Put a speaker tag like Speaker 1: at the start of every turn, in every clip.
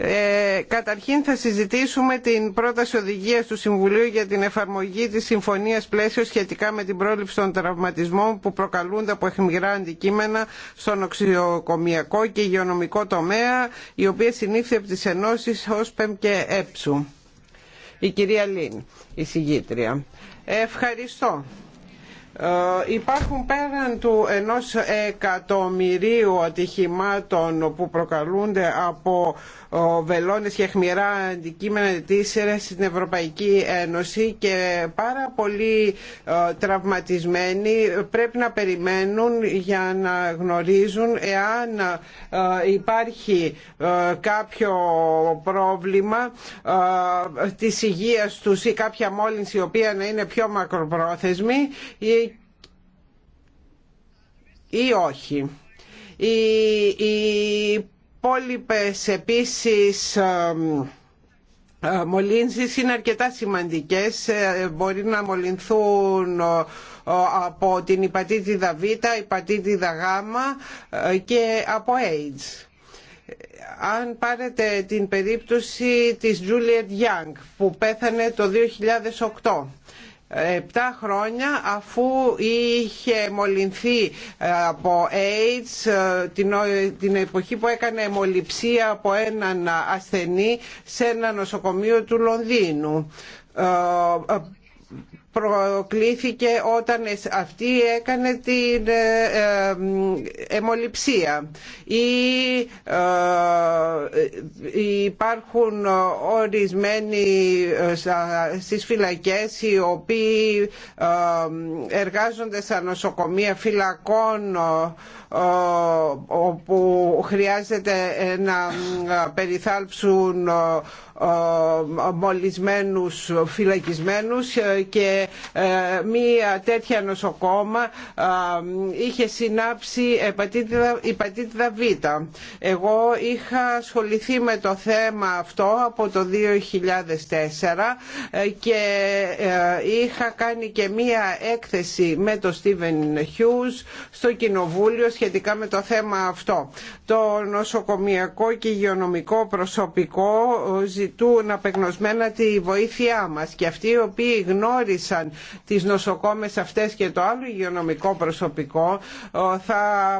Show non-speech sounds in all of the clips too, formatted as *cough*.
Speaker 1: Ε, καταρχήν θα συζητήσουμε την πρόταση οδηγίας του Συμβουλίου για την εφαρμογή της Συμφωνίας Πλαίσιο σχετικά με την πρόληψη των τραυματισμών που προκαλούνται από αιχμηρά αντικείμενα στον οξυοκομιακό και υγειονομικό τομέα, η οποία συνήφθη από τις ενώσεις ΩΣΠΕΜ και ΕΠΣΟΥ. Η κυρία Λίν, η συγγήτρια. Ευχαριστώ. Ε, υπάρχουν πέραν του ενός εκατομμυρίου ατυχημάτων που προκαλούνται από ο βελόνες και αιχμηρά αντικείμενα τήσερα στην Ευρωπαϊκή Ένωση και πάρα πολύ ε, τραυματισμένοι πρέπει να περιμένουν για να γνωρίζουν εάν ε, υπάρχει ε, κάποιο πρόβλημα της υγείας τους ή κάποια μόλυνση η οποία να είναι πιο μακροπρόθεσμη ή όχι. Η, η υπόλοιπες επίσης ε, μολύνσεις είναι αρκετά σημαντικές. Ε, μπορεί να μολυνθούν ε, από την υπατήτηδα Β, υπατήτηδα Γ και από AIDS. Αν πάρετε την περίπτωση της Juliet Young που πέθανε το 2008 Επτά χρόνια αφού είχε μολυνθεί ε, από AIDS ε, την εποχή που έκανε μολυψία από έναν ασθενή σε ένα νοσοκομείο του Λονδίνου ε, προκλήθηκε όταν αυτή έκανε την εμολυψία. Ε, ε, ή ε, υπάρχουν ορισμένοι στις φυλακές οι οποίοι εργάζονται στα νοσοκομεία φυλακών όπου χρειάζεται να περιθάλψουν μολυσμένους φυλακισμένους ε, και ε, μία τέτοια νοσοκόμα ε, είχε συνάψει υπατήτητα Β. Εγώ είχα ασχοληθεί με το θέμα αυτό από το 2004 και είχα κάνει και μία έκθεση με τον Στίβεν Χιούς στο Κοινοβούλιο σχετικά με το θέμα αυτό. Το νοσοκομιακό και υγειονομικό προσωπικό ζητούν απεγνωσμένα τη βοήθειά μας και αυτοί οι οποίοι γνώρισαν τις νοσοκόμες αυτές και το άλλο υγειονομικό προσωπικό θα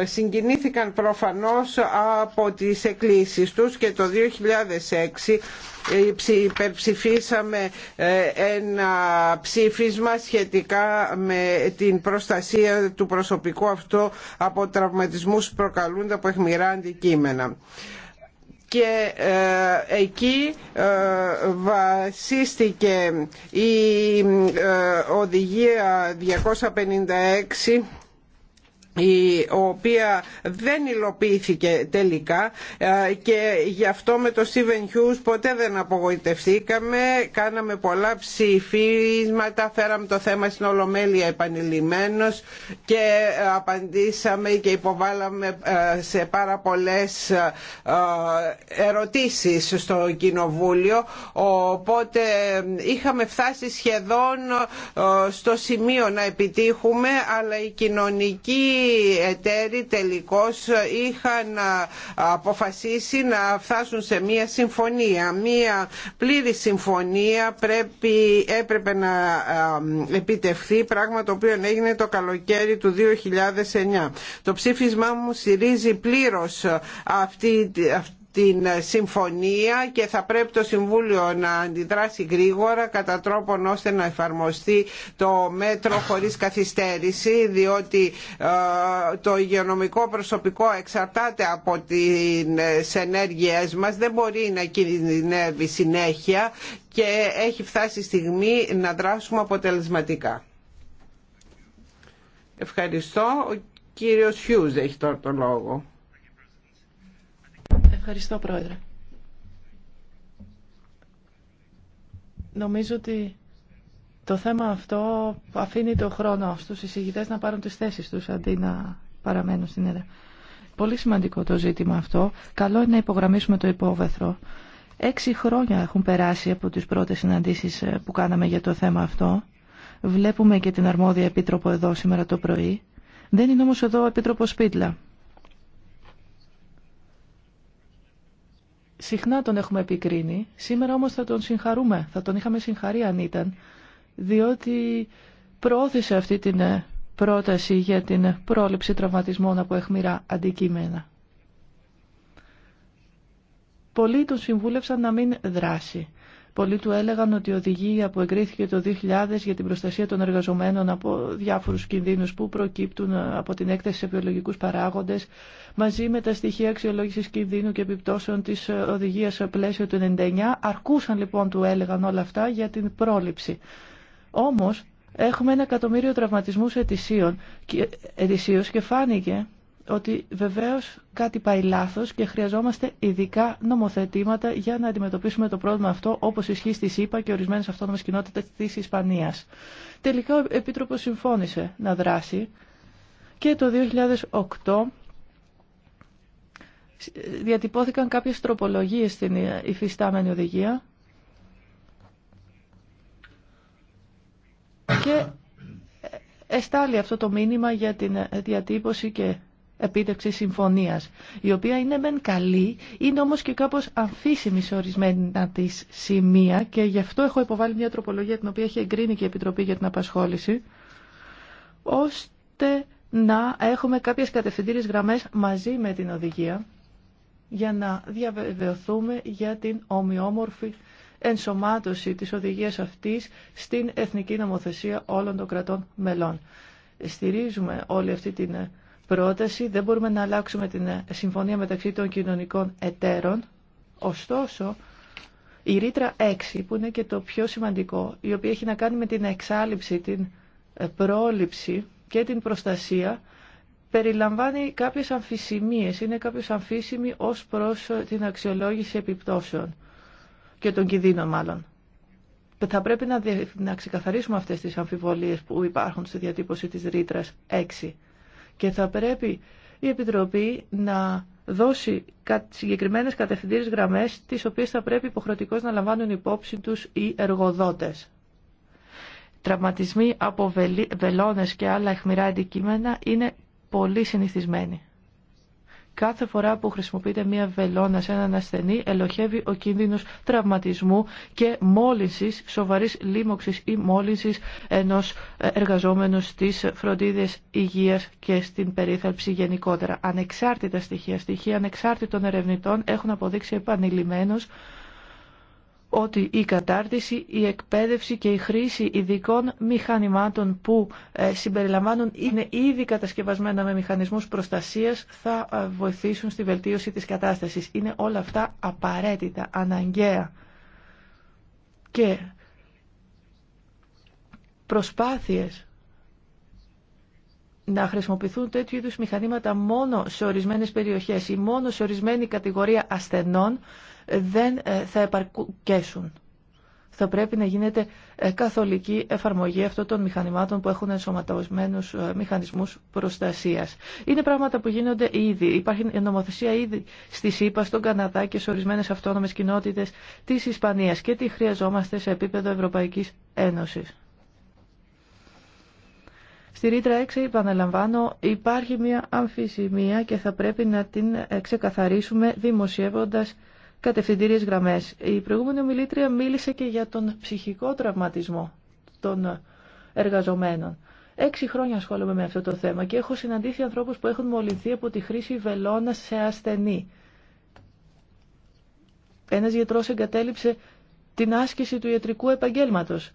Speaker 1: ε, συγκινήθηκαν προφανώς από τις εκκλήσεις τους και το 2006 ε, υπερψηφίσαμε ε, ένα ψήφισμα σχετικά με την προστασία του προσωπικού αυτού από τραυματισμούς που προκαλούνται από αιχμηρά αντικείμενα και ε, εκεί ε, βασίστηκε η ε, οδηγία 256 η οποία δεν υλοποιήθηκε τελικά ε, και γι' αυτό με το Steven Hughes ποτέ δεν απογοητευθήκαμε κάναμε πολλά ψηφίσματα φέραμε το θέμα στην Ολομέλεια επανειλημμένος και απαντήσαμε και υποβάλαμε ε, σε πάρα πολλές ε, ερωτήσεις στο Κοινοβούλιο οπότε είχαμε φτάσει σχεδόν στο σημείο να επιτύχουμε αλλά η κοινωνική εταίροι τελικώς είχαν αποφασίσει να φτάσουν σε μία συμφωνία. Μία πλήρη συμφωνία πρέπει, έπρεπε να επιτευχθεί, πράγμα το οποίο έγινε το καλοκαίρι του 2009. Το ψήφισμά μου στηρίζει πλήρως αυτή, αυτή την συμφωνία και θα πρέπει το Συμβούλιο να αντιδράσει γρήγορα κατά τρόπον ώστε να εφαρμοστεί το μέτρο χωρίς καθυστέρηση διότι ε, το υγειονομικό προσωπικό εξαρτάται από τις ενέργειές μας δεν μπορεί να κινδυνεύει συνέχεια και έχει φτάσει η στιγμή να δράσουμε αποτελεσματικά. Ευχαριστώ. Ο κύριος Χιούζ έχει τώρα το λόγο.
Speaker 2: Ευχαριστώ, Πρόεδρε. Νομίζω ότι το θέμα αυτό αφήνει το χρόνο στους εισηγητές να πάρουν τις θέσεις τους αντί να παραμένουν στην έδρα. Πολύ σημαντικό το ζήτημα αυτό. Καλό είναι να υπογραμμίσουμε το υπόβεθρο. Έξι χρόνια έχουν περάσει από τις πρώτες συναντήσεις ε, που κάναμε για το θέμα αυτό. Βλέπουμε και την αρμόδια επίτροπο εδώ σήμερα το πρωί. Δεν είναι όμως εδώ ο επίτροπος Σπίτλα. συχνά τον έχουμε επικρίνει, σήμερα όμως θα τον συγχαρούμε, θα τον είχαμε συγχαρεί αν ήταν, διότι προώθησε αυτή την ε, πρόταση για την πρόληψη τραυματισμών από αιχμηρά αντικείμενα. Πολλοί τον συμβούλευσαν να μην δράσει. Πολλοί του έλεγαν ότι η οδηγία που εγκρίθηκε το 2000 για την προστασία των εργαζομένων από διάφορους κινδύνους που προκύπτουν από την έκθεση σε βιολογικούς παράγοντες, μαζί με τα στοιχεία αξιολόγησης κινδύνου και επιπτώσεων της οδηγίας πλαίσιο του 99, αρκούσαν λοιπόν του έλεγαν όλα αυτά για την πρόληψη. Όμως, έχουμε ένα εκατομμύριο τραυματισμούς ετησίων και φάνηκε ότι βεβαίως κάτι πάει λάθος και χρειαζόμαστε ειδικά νομοθετήματα για να αντιμετωπίσουμε το πρόβλημα αυτό όπως ισχύει στη ΣΥΠΑ και ορισμένες αυτόνομες κοινότητες της Ισπανίας. Τελικά ο Επίτροπος συμφώνησε να δράσει και το 2008 διατυπώθηκαν κάποιες τροπολογίες στην υφιστάμενη οδηγία και *coughs* εστάλει αυτό το μήνυμα για την διατύπωση και Επίτευξη συμφωνία, η οποία είναι μεν καλή, είναι όμως και κάπως αμφίσιμη σε ορισμένα τη σημεία και γι' αυτό έχω υποβάλει μια τροπολογία την οποία έχει εγκρίνει και η Επιτροπή για την Απασχόληση, ώστε να έχουμε κάποιες κατευθυντήριες γραμμές μαζί με την οδηγία για να διαβεβαιωθούμε για την ομοιόμορφη ενσωμάτωση της οδηγίας αυτής στην εθνική νομοθεσία όλων των κρατών μελών. Στηρίζουμε όλη αυτή την πρόταση. Δεν μπορούμε να αλλάξουμε την ε, συμφωνία μεταξύ των κοινωνικών εταίρων. Ωστόσο, η ρήτρα 6, που είναι και το πιο σημαντικό, η οποία έχει να κάνει με την εξάλληψη, την ε, πρόληψη και την προστασία, περιλαμβάνει κάποιες αμφισημίες, είναι κάποιες αμφίσιμοι ως προς ε, την αξιολόγηση επιπτώσεων και των κινδύνων μάλλον. Θα πρέπει να, να ξεκαθαρίσουμε αυτές τις αμφιβολίες που υπάρχουν στη διατύπωση της ρήτρα 6 και θα πρέπει η Επιτροπή να δώσει συγκεκριμένες κατευθυντήρες γραμμές τις οποίες θα πρέπει υποχρεωτικώς να λαμβάνουν υπόψη τους οι εργοδότες. Τραυματισμοί από βελόνες και άλλα αιχμηρά αντικείμενα είναι πολύ συνηθισμένοι. Κάθε φορά που χρησιμοποιείται μία βελόνα σε έναν ασθενή, ελοχεύει ο κίνδυνος τραυματισμού και μόλυνσης, σοβαρής λίμωξης ή μόλυνσης ενός ε, εργαζόμενου στις φροντίδες υγείας και στην περίθαλψη γενικότερα. Ανεξάρτητα στοιχεία, στοιχεία ανεξάρτητων ερευνητών έχουν αποδείξει επανειλημμένως ότι η κατάρτιση, η εκπαίδευση και η χρήση ειδικών μηχανημάτων που ε, συμπεριλαμβάνουν είναι ήδη κατασκευασμένα με μηχανισμούς προστασίας θα ε, βοηθήσουν στη βελτίωση της κατάστασης. Είναι όλα αυτά απαραίτητα, αναγκαία. Και προσπάθειες να χρησιμοποιηθούν τέτοιου είδους μηχανήματα μόνο σε ορισμένες περιοχές ή μόνο σε ορισμένη κατηγορία ασθενών δεν ε, θα επαρκέσουν. Θα πρέπει να γίνεται ε, καθολική εφαρμογή αυτών των μηχανημάτων που έχουν ενσωματωμένου ε, μηχανισμού προστασία. Είναι πράγματα που γίνονται ήδη. Υπάρχει νομοθεσία ήδη στη ΣΥΠΑ, στον Καναδά και σε ορισμένε αυτόνομε κοινότητε τη Ισπανία και τι χρειαζόμαστε σε επίπεδο Ευρωπαϊκή Ένωση. Στη ρήτρα 6, επαναλαμβάνω, υπάρχει μια αμφισημία και θα πρέπει να την ξεκαθαρίσουμε δημοσιεύοντας κατευθυντήριες γραμμές. Η προηγούμενη ομιλήτρια μίλησε και για τον ψυχικό τραυματισμό των εργαζομένων. Έξι χρόνια ασχολούμαι με αυτό το θέμα και έχω συναντήσει ανθρώπους που έχουν μολυνθεί από τη χρήση βελόνα σε ασθενή. Ένας γιατρός εγκατέλειψε την άσκηση του ιατρικού επαγγέλματος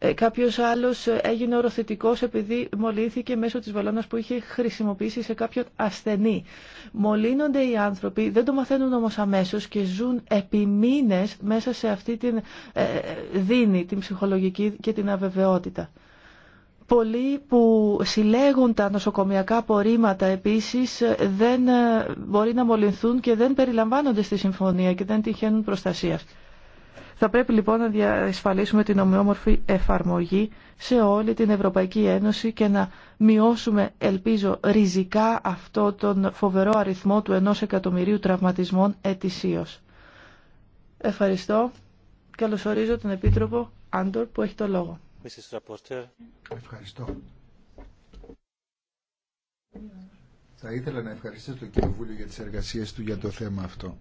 Speaker 2: ε, κάποιος άλλος ε, έγινε οροθετικός επειδή μολύνθηκε μέσω της βολόνα που είχε χρησιμοποιήσει σε κάποιον ασθενή. Μολύνονται οι άνθρωποι, δεν το μαθαίνουν όμως αμέσως και ζουν επί μέσα σε αυτή την ε, δίνη, την ψυχολογική και την αβεβαιότητα. Πολλοί που συλλέγουν τα νοσοκομιακά απορρίμματα επίσης δεν μπορεί να μολυνθούν και δεν περιλαμβάνονται στη συμφωνία και δεν τυχαίνουν προστασία. Θα πρέπει λοιπόν να διασφαλίσουμε την ομοιόμορφη εφαρμογή σε όλη την Ευρωπαϊκή Ένωση και να μειώσουμε, ελπίζω, ριζικά αυτό τον φοβερό αριθμό του ενός εκατομμυρίου τραυματισμών ετησίως. Ευχαριστώ. Καλωσορίζω τον Επίτροπο Άντορ που έχει το λόγο.
Speaker 3: Ευχαριστώ. Θα ήθελα να ευχαριστήσω το Βούλιο για τις εργασίες του για το θέμα αυτό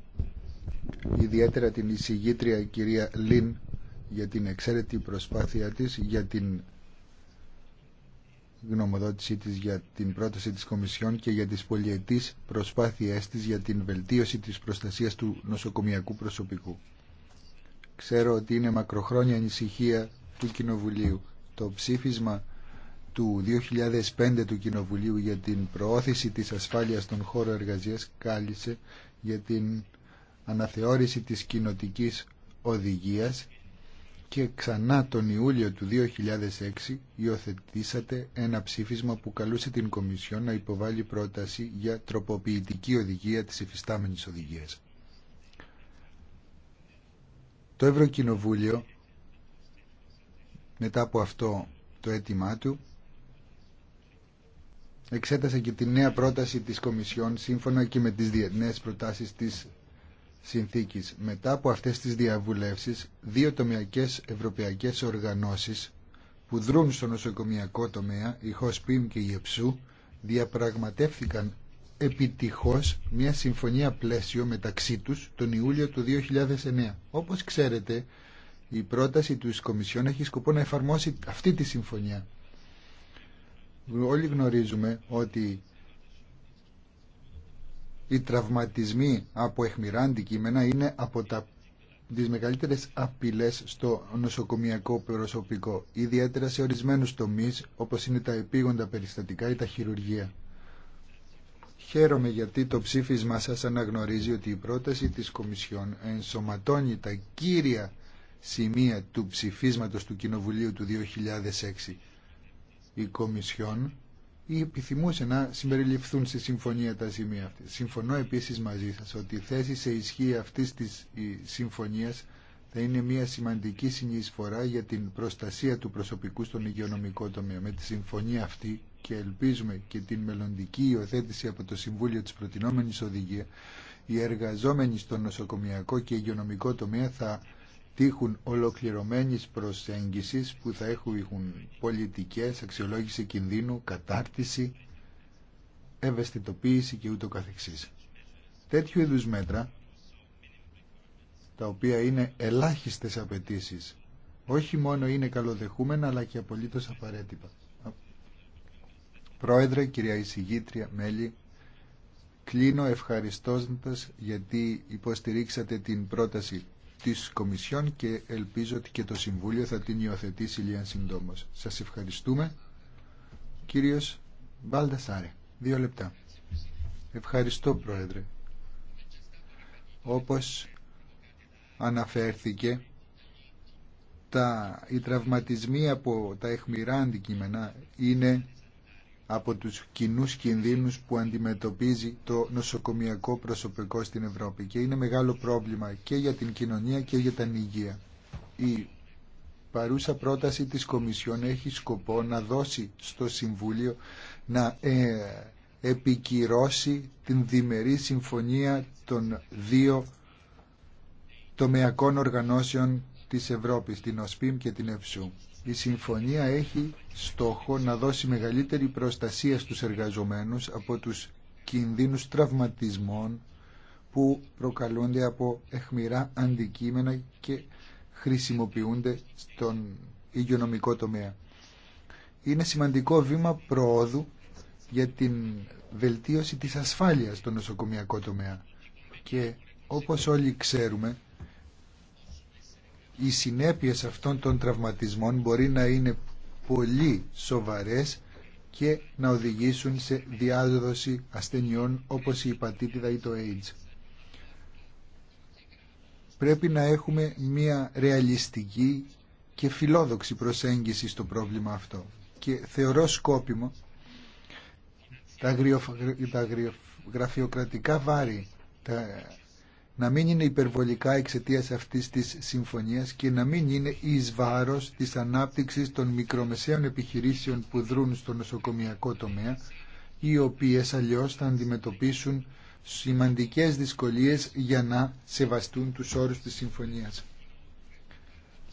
Speaker 3: ιδιαίτερα την εισηγήτρια κυρία Λίν για την εξαίρετη προσπάθεια της για την γνωμοδότησή της για την πρόταση της Κομισιόν και για τις πολιετής προσπάθειές της για την βελτίωση της προστασίας του νοσοκομιακού προσωπικού. Ξέρω ότι είναι μακροχρόνια ανησυχία του Κοινοβουλίου. Το ψήφισμα του 2005 του Κοινοβουλίου για την προώθηση της ασφάλειας των χώρο εργασίας κάλυσε για την αναθεώρηση της κοινοτική οδηγίας και ξανά τον Ιούλιο του 2006 υιοθετήσατε ένα ψήφισμα που καλούσε την Κομισιόν να υποβάλει πρόταση για τροποποιητική οδηγία της υφιστάμενης οδηγίας. Το Ευρωκοινοβούλιο μετά από αυτό το αίτημά του εξέτασε και τη νέα πρόταση της Κομισιόν σύμφωνα και με τις διεθνές προτάσεις της συνθήκης. Μετά από αυτές τις διαβουλεύσεις, δύο τομιακές ευρωπαϊκές οργανώσεις που δρούν στο νοσοκομιακό τομέα, η ΧΟΣΠΙΜ και η ΕΨΟΥ, διαπραγματεύθηκαν επιτυχώς μια συμφωνία πλαίσιο μεταξύ τους τον Ιούλιο του 2009. Όπως ξέρετε, η πρόταση του Κομισιόν έχει σκοπό να εφαρμόσει αυτή τη συμφωνία. Όλοι γνωρίζουμε ότι οι τραυματισμοί από αιχμηρά αντικείμενα είναι από τα τις μεγαλύτερες απειλές στο νοσοκομιακό προσωπικό, ιδιαίτερα σε ορισμένους τομείς όπως είναι τα επίγοντα περιστατικά ή τα χειρουργεία. Χαίρομαι γιατί το ψήφισμα σας αναγνωρίζει ότι η πρόταση της Κομισιόν ενσωματώνει τα χειρουργια χαιρομαι γιατι το ψηφισμα σας αναγνωριζει οτι σημεία του ψηφίσματος του Κοινοβουλίου του 2006. Η Κομισιόν ή επιθυμούσε να συμπεριληφθούν στη συμφωνία τα σημεία αυτή. Συμφωνώ επίσης μαζί σας ότι η θέση σε ισχύ αυτής της συμφωνίας θα είναι μια σημαντική συνεισφορά για την προστασία του προσωπικού στον υγειονομικό τομέα. Με τη συμφωνία αυτή και ελπίζουμε και την μελλοντική υιοθέτηση από το Συμβούλιο της προτινόμενης οδηγία, οι εργαζόμενοι στο νοσοκομιακό και υγειονομικό τομέα θα τύχουν ολοκληρωμένης προσέγγισης που θα έχουν πολιτικές, αξιολόγηση κινδύνου, κατάρτιση, ευαισθητοποίηση και ούτω καθεξής. Τέτοιου είδους μέτρα, τα οποία είναι ελάχιστες απαιτήσει, όχι μόνο είναι καλοδεχούμενα αλλά και απολύτως απαραίτητα. Πρόεδρε, κυρία Ισηγήτρια, μέλη, κλείνω ευχαριστώντας γιατί υποστηρίξατε την πρόταση της Κομισιόν και ελπίζω ότι και το Συμβούλιο θα την υιοθετήσει λίγαν συντόμως. Σας ευχαριστούμε. Κύριος Μπάλτασάρε, δύο λεπτά. Ευχαριστώ Πρόεδρε. Όπως αναφέρθηκε, τα, οι τραυματισμοί από τα αιχμηρά αντικείμενα είναι από τους κοινούς κινδύνους που αντιμετωπίζει το νοσοκομιακό προσωπικό στην Ευρώπη και είναι μεγάλο πρόβλημα και για την κοινωνία και για την υγεία. Η παρούσα πρόταση της Κομισιόν έχει σκοπό να δώσει στο Συμβούλιο να ε, επικυρώσει την διμερή συμφωνία των δύο τομεακών οργανώσεων της Ευρώπης, την ΟΣΠΙΜ και την ΕΦΣΟΥ. Η συμφωνία έχει στόχο να δώσει μεγαλύτερη προστασία στους εργαζομένους από τους κινδύνους τραυματισμών που προκαλούνται από εχμηρά αντικείμενα και χρησιμοποιούνται στον υγειονομικό τομέα. Είναι σημαντικό βήμα προόδου για την βελτίωση της ασφάλειας στο νοσοκομιακό τομέα και όπως όλοι ξέρουμε οι συνέπειες αυτών των τραυματισμών μπορεί να είναι πολύ σοβαρές και να οδηγήσουν σε διάδοση ασθενειών όπως η υπατήτηδα ή το AIDS. Πρέπει να έχουμε μία ρεαλιστική και φιλόδοξη προσέγγιση στο πρόβλημα αυτό. Και θεωρώ σκόπιμο τα, γραφειοκρατικά βάρη, τα να μην είναι υπερβολικά εξαιτία αυτής της συμφωνία και να μην είναι ει βάρο της ανάπτυξη των μικρομεσαίων επιχειρήσεων που δρούν στο νοσοκομιακό τομέα, οι οποίες αλλιώς θα αντιμετωπίσουν σημαντικές δυσκολίες για να σεβαστούν τους όρους της συμφωνίας.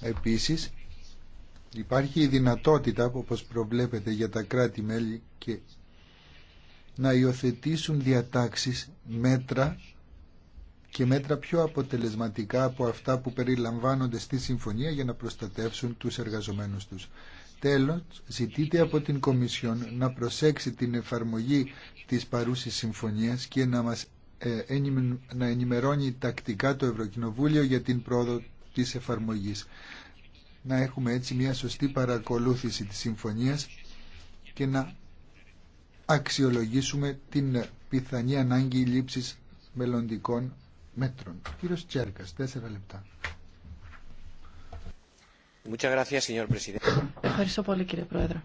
Speaker 3: Επίση, υπάρχει η δυνατότητα, όπω προβλέπετε, για τα κράτη-μέλη, και να υιοθετήσουν διατάξεις, μέτρα και μέτρα πιο αποτελεσματικά από αυτά που περιλαμβάνονται στη συμφωνία για να προστατεύσουν τους εργαζομένους τους. Τέλος, ζητείτε από την Κομισιόν να προσέξει την εφαρμογή της παρούσης συμφωνίας και να μας ε, να ενημερώνει τακτικά το Ευρωκοινοβούλιο για την πρόοδο της εφαρμογής. Να έχουμε έτσι μια σωστή παρακολούθηση της συμφωνίας και να αξιολογήσουμε την πιθανή ανάγκη λήψης μελλοντικών μέτρων. Κύριος Τσέρκας, τέσσερα λεπτά.
Speaker 2: Ευχαριστώ πολύ κύριε Πρόεδρε.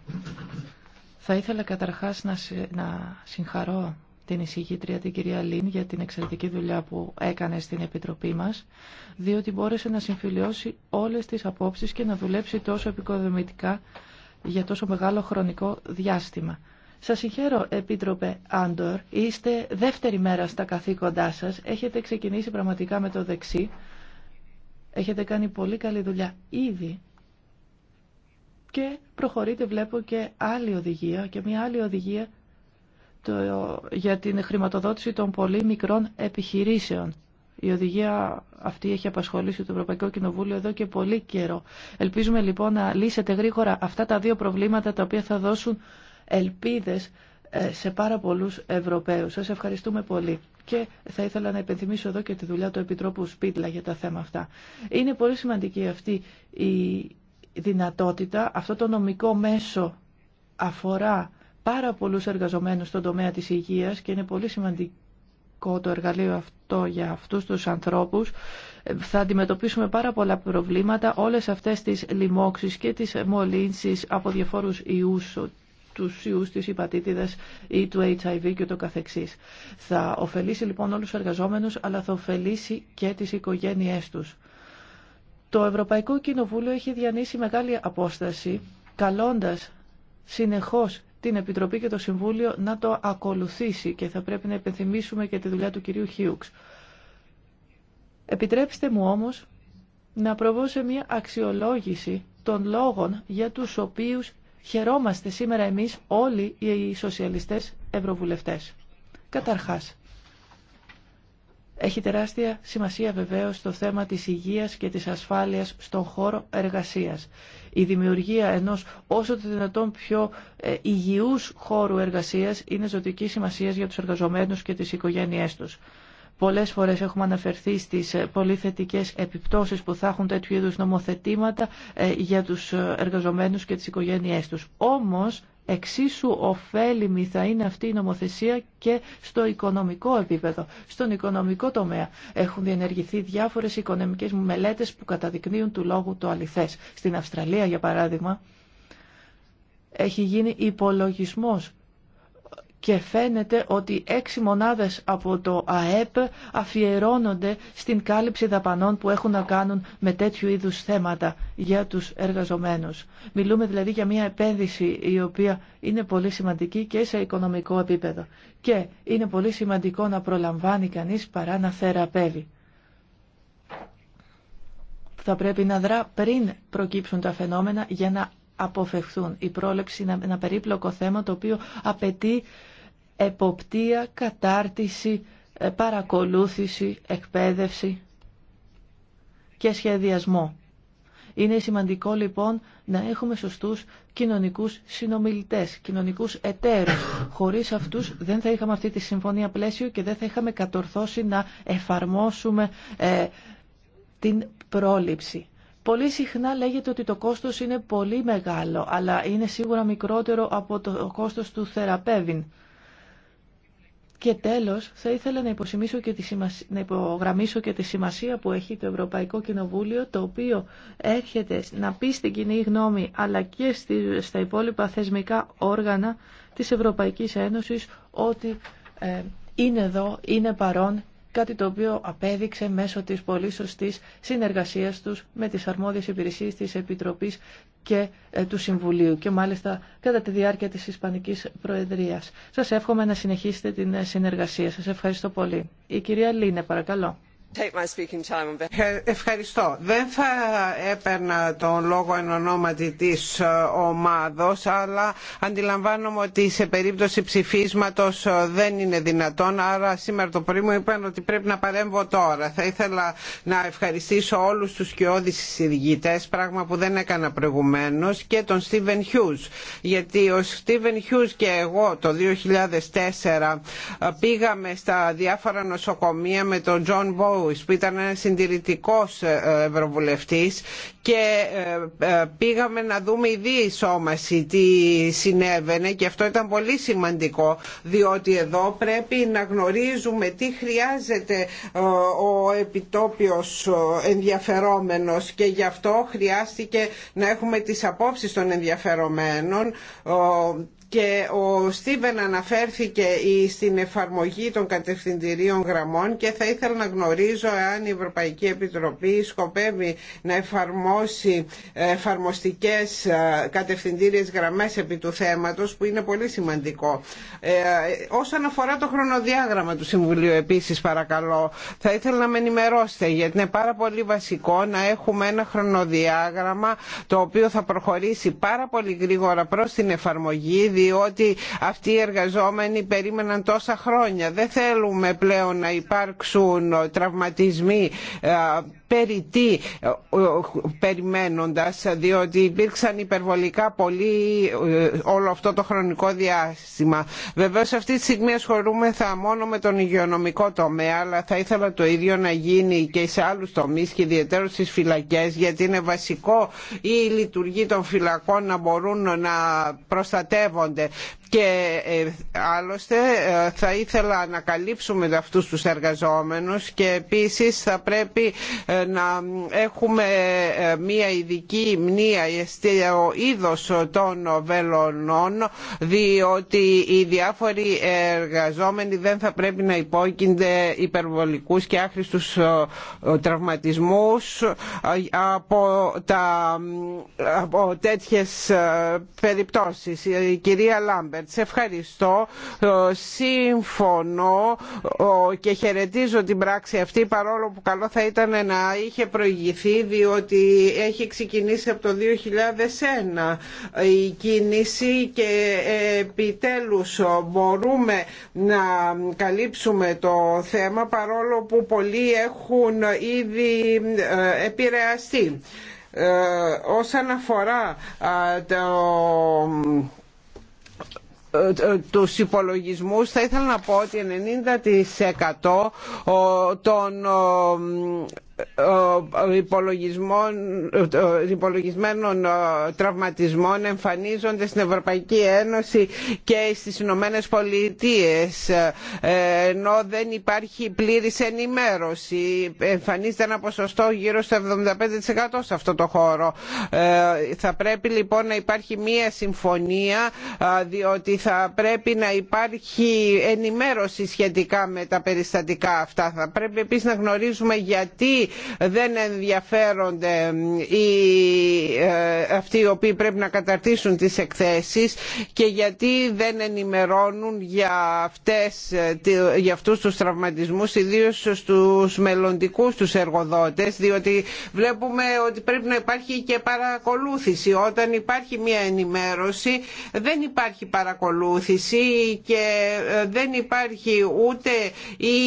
Speaker 2: Θα ήθελα καταρχάς να, να συγχαρώ την εισηγήτρια την κυρία Λίν για την εξαιρετική δουλειά που έκανε στην Επιτροπή μας, διότι μπόρεσε να συμφιλιώσει όλες τις απόψεις και να δουλέψει τόσο επικοδομητικά για τόσο μεγάλο χρονικό διάστημα. Σας συγχαίρω, Επίτροπε Άντορ. Είστε δεύτερη μέρα στα καθήκοντά σας. Έχετε ξεκινήσει πραγματικά με το δεξί. Έχετε κάνει πολύ καλή δουλειά ήδη. Και προχωρείτε, βλέπω, και άλλη οδηγία και μια άλλη οδηγία το, για την χρηματοδότηση των πολύ μικρών επιχειρήσεων. Η οδηγία αυτή έχει απασχολήσει το Ευρωπαϊκό Κοινοβούλιο εδώ και πολύ καιρό. Ελπίζουμε λοιπόν να λύσετε γρήγορα αυτά τα δύο προβλήματα τα οποία θα δώσουν ελπίδες ε, σε πάρα πολλούς Ευρωπαίους. Σας ευχαριστούμε πολύ. Και θα ήθελα να υπενθυμίσω εδώ και τη δουλειά του Επιτρόπου Σπίτλα για τα θέματα αυτά. Είναι πολύ σημαντική αυτή η δυνατότητα, αυτό το νομικό μέσο αφορά πάρα πολλούς εργαζομένους στον τομέα της υγείας και είναι πολύ σημαντικό το εργαλείο αυτό για αυτούς τους ανθρώπους ε, θα αντιμετωπίσουμε πάρα πολλά προβλήματα όλες αυτές τις λοιμώξεις και τις μολύνσεις από διαφόρους ιούς τους ιούς της υπατήτηδας ή του HIV και το καθεξής. Θα ωφελήσει λοιπόν όλους τους εργαζόμενους, αλλά θα ωφελήσει και τις οικογένειές τους. Το Ευρωπαϊκό Κοινοβούλιο έχει διανύσει μεγάλη απόσταση, καλώντας συνεχώς την Επιτροπή και το Συμβούλιο να το ακολουθήσει και θα πρέπει να επενθυμίσουμε και τη δουλειά του κυρίου Χίουξ. Επιτρέψτε μου όμως να προβώ σε μια αξιολόγηση των λόγων για τους οποίους χαιρόμαστε σήμερα εμείς όλοι οι σοσιαλιστές ευρωβουλευτές. Καταρχάς, έχει τεράστια σημασία βεβαίως το θέμα της υγείας και της ασφάλειας στον χώρο εργασίας. Η δημιουργία ενός όσο το δυνατόν πιο ε, υγιούς χώρου εργασίας είναι ζωτική σημασία για τους εργαζομένους και τις οικογένειές τους. Πολλές φορές έχουμε αναφερθεί στις ε, πολύ θετικέ επιπτώσεις που θα έχουν τέτοιου είδους νομοθετήματα ε, για τους ε, εργαζομένους και τις οικογένειές τους. Όμως, εξίσου ωφέλιμη θα είναι αυτή η νομοθεσία και στο οικονομικό επίπεδο, στον οικονομικό τομέα. Έχουν διενεργηθεί διάφορες οικονομικές μελέτες που καταδεικνύουν του λόγου το αληθές. Στην Αυστραλία, για παράδειγμα, έχει γίνει υπολογισμός και φαίνεται ότι έξι μονάδες από το ΑΕΠ αφιερώνονται στην κάλυψη δαπανών που έχουν να κάνουν με τέτοιου είδους θέματα για τους εργαζομένους. Μιλούμε δηλαδή για μια επένδυση η οποία είναι πολύ σημαντική και σε οικονομικό επίπεδο και είναι πολύ σημαντικό να προλαμβάνει κανείς παρά να θεραπεύει. Θα πρέπει να δρά πριν προκύψουν τα φαινόμενα για να αποφευχθούν. Η πρόληψη είναι ένα περίπλοκο θέμα το οποίο απαιτεί εποπτεία, κατάρτιση, ε, παρακολούθηση, εκπαίδευση και σχεδιασμό. Είναι σημαντικό λοιπόν να έχουμε σωστούς κοινωνικούς συνομιλητές, κοινωνικούς εταίρους. Χωρίς αυτούς δεν θα είχαμε αυτή τη συμφωνία πλαίσιο και δεν θα είχαμε κατορθώσει να εφαρμόσουμε ε, την πρόληψη. Πολύ συχνά λέγεται ότι το κόστος είναι πολύ μεγάλο, αλλά είναι σίγουρα μικρότερο από το κόστος του θεραπεύειν. Και τέλος, θα ήθελα να, και υπογραμμίσω και τη σημασία που έχει το Ευρωπαϊκό Κοινοβούλιο, το οποίο έρχεται να πει στην κοινή γνώμη, αλλά και στα υπόλοιπα θεσμικά όργανα της Ευρωπαϊκής Ένωσης, ότι ε, είναι εδώ, είναι παρόν κάτι το οποίο απέδειξε μέσω της πολύ σωστής συνεργασίας τους με τις αρμόδιες υπηρεσίες της Επιτροπής και ε, του Συμβουλίου και μάλιστα κατά τη διάρκεια της Ισπανικής Προεδρίας. Σας εύχομαι να συνεχίσετε την ε, συνεργασία. Σας ευχαριστώ πολύ. Η κυρία Λίνε, παρακαλώ.
Speaker 1: Ε, ευχαριστώ. Δεν θα έπαιρνα τον λόγο εν ονόματι της ε, ομάδος, αλλά αντιλαμβάνομαι ότι σε περίπτωση ψηφίσματος ε, δεν είναι δυνατόν, άρα σήμερα το πρωί μου είπαν ότι πρέπει να παρέμβω τώρα. Θα ήθελα να ευχαριστήσω όλους τους κοιόδης συζητητές, πράγμα που δεν έκανα προηγουμένως, και τον Στίβεν Χιούς, γιατί ο Στίβεν Χιούς και εγώ το 2004 πήγαμε στα διάφορα νοσοκομεία με τον Τζον Μπόου που ήταν ένας συντηρητικός ε, ευρωβουλευτής και ε, ε, πήγαμε να δούμε δύο διεισόμαση τι συνέβαινε και αυτό ήταν πολύ σημαντικό διότι εδώ πρέπει να γνωρίζουμε τι χρειάζεται ο επιτόπιος ενδιαφερόμενος και γι' αυτό χρειάστηκε να έχουμε τις απόψεις των ενδιαφερομένων και ο Στίβεν αναφέρθηκε στην εφαρμογή των κατευθυντηρίων γραμμών και θα ήθελα να γνωρίζω αν η Ευρωπαϊκή Επιτροπή σκοπεύει να εφαρμόσει ε, εφαρμοστικές ε, κατευθυντήριες γραμμές επί του θέματος που είναι πολύ σημαντικό. Ε, όσον αφορά το χρονοδιάγραμμα του Συμβουλίου επίσης παρακαλώ θα ήθελα να με ενημερώσετε γιατί είναι πάρα πολύ βασικό να έχουμε ένα χρονοδιάγραμμα το οποίο θα προχωρήσει πάρα πολύ γρήγορα προς την εφαρμογή διότι αυτοί οι εργαζόμενοι περίμεναν τόσα χρόνια. Δεν θέλουμε πλέον να υπάρξουν τραυματισμοί περιττή ε, ε, περιμένοντας διότι υπήρξαν υπερβολικά πολύ ε, όλο αυτό το χρονικό διάστημα. Βεβαίως αυτή τη στιγμή θα μόνο με τον υγειονομικό τομέα αλλά θα ήθελα το ίδιο να γίνει και σε άλλους τομείς και ιδιαίτερα στις φυλακές γιατί είναι βασικό η λειτουργία των φυλακών να μπορούν να προστατεύονται και άλλωστε θα ήθελα να καλύψουμε αυτούς τους εργαζόμενους και επίσης θα πρέπει να έχουμε ε, μία ειδική μνήα στο είδος των βελονών διότι οι διάφοροι εργαζόμενοι δεν θα πρέπει να υπόκεινται υπερβολικούς και άχρηστους ε, τραυματισμούς ε, από, τα, από τέτοιες περιπτώσεις. κυρία Λάμπερτ, σε ευχαριστώ. Σύμφωνο και χαιρετίζω την πράξη αυτή παρόλο που καλό θα ήταν να είχε προηγηθεί διότι έχει ξεκινήσει από το 2001 η κίνηση και επιτέλους μπορούμε να καλύψουμε το θέμα παρόλο που πολλοί έχουν ήδη ε, επηρεαστεί. Ε, όσον αφορά το ε, τους υπολογισμούς θα ήθελα να πω ότι 90% των ε, ε, υπολογισμένων ε, τραυματισμών εμφανίζονται στην Ευρωπαϊκή Ένωση και στις Ηνωμένε Πολιτείες ενώ δεν υπάρχει πλήρης ενημέρωση εμφανίζεται ένα ποσοστό γύρω στο 75% σε αυτό το χώρο θα πρέπει λοιπόν να υπάρχει μία συμφωνία διότι θα πρέπει να υπάρχει ενημέρωση σχετικά με τα περιστατικά αυτά θα πρέπει επίσης να γνωρίζουμε γιατί δεν ενδιαφέρονται οι, ε, αυτοί οι οποίοι πρέπει να καταρτήσουν τις εκθέσεις και γιατί δεν ενημερώνουν για, αυτές, ε, για αυτούς τους τραυματισμούς ιδίως στους μελλοντικούς τους εργοδότες διότι βλέπουμε ότι πρέπει να υπάρχει και παρακολούθηση όταν υπάρχει μια ενημέρωση δεν υπάρχει παρακολούθηση και ε, δεν υπάρχει ούτε η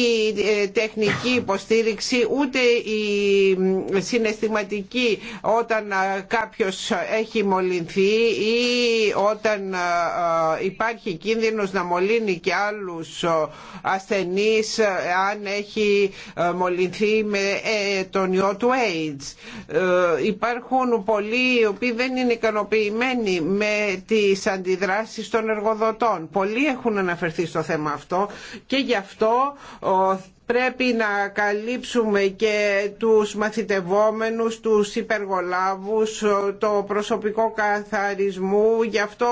Speaker 1: τεχνική υποστήριξη ούτε η ε, συναισθηματική όταν ε, κάποιος έχει μολυνθεί ή όταν ε, υπάρχει κίνδυνος να μολύνει και άλλους ασθενείς αν έχει μολυνθεί με τον ιό του AIDS. Υπάρχουν πολλοί οι οποίοι δεν είναι ικανοποιημένοι με τις αντιδράσεις των εργοδοτών. Πολλοί έχουν αναφερθεί στο θέμα αυτό και γι' αυτό πρέπει να καλύψουμε και τους μαθητευόμενους, τους υπεργολάβους, το προσωπικό καθαρισμού. Γι' αυτό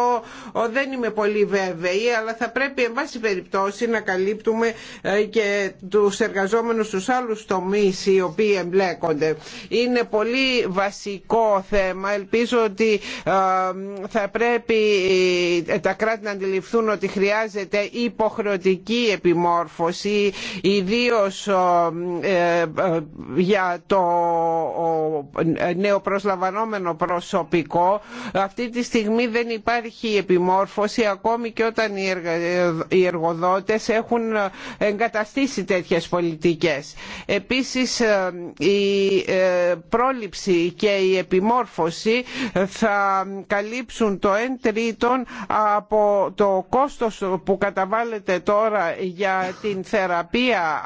Speaker 1: δεν είμαι πολύ βέβαιη, αλλά θα πρέπει εν πάση περιπτώσει να καλύπτουμε ε, και τους εργαζόμενους στους άλλους τομείς οι οποίοι εμπλέκονται. Είναι πολύ βασικό θέμα. Ελπίζω ότι ε, θα πρέπει ε, τα κράτη να αντιληφθούν ότι χρειάζεται υποχρεωτική επιμόρφωση, ιδίως ε, ε, για το νεοπροσλαμβανόμενο προσωπικό αυτή τη στιγμή δεν υπάρχει επιμόρφωση ακόμη και όταν οι εργοδότες έχουν εγκαταστήσει τέτοιες πολιτικές. Επίσης ε, η πρόληψη και η επιμόρφωση θα καλύψουν το 1 τρίτον από το κόστος που καταβάλλεται τώρα για την θεραπεία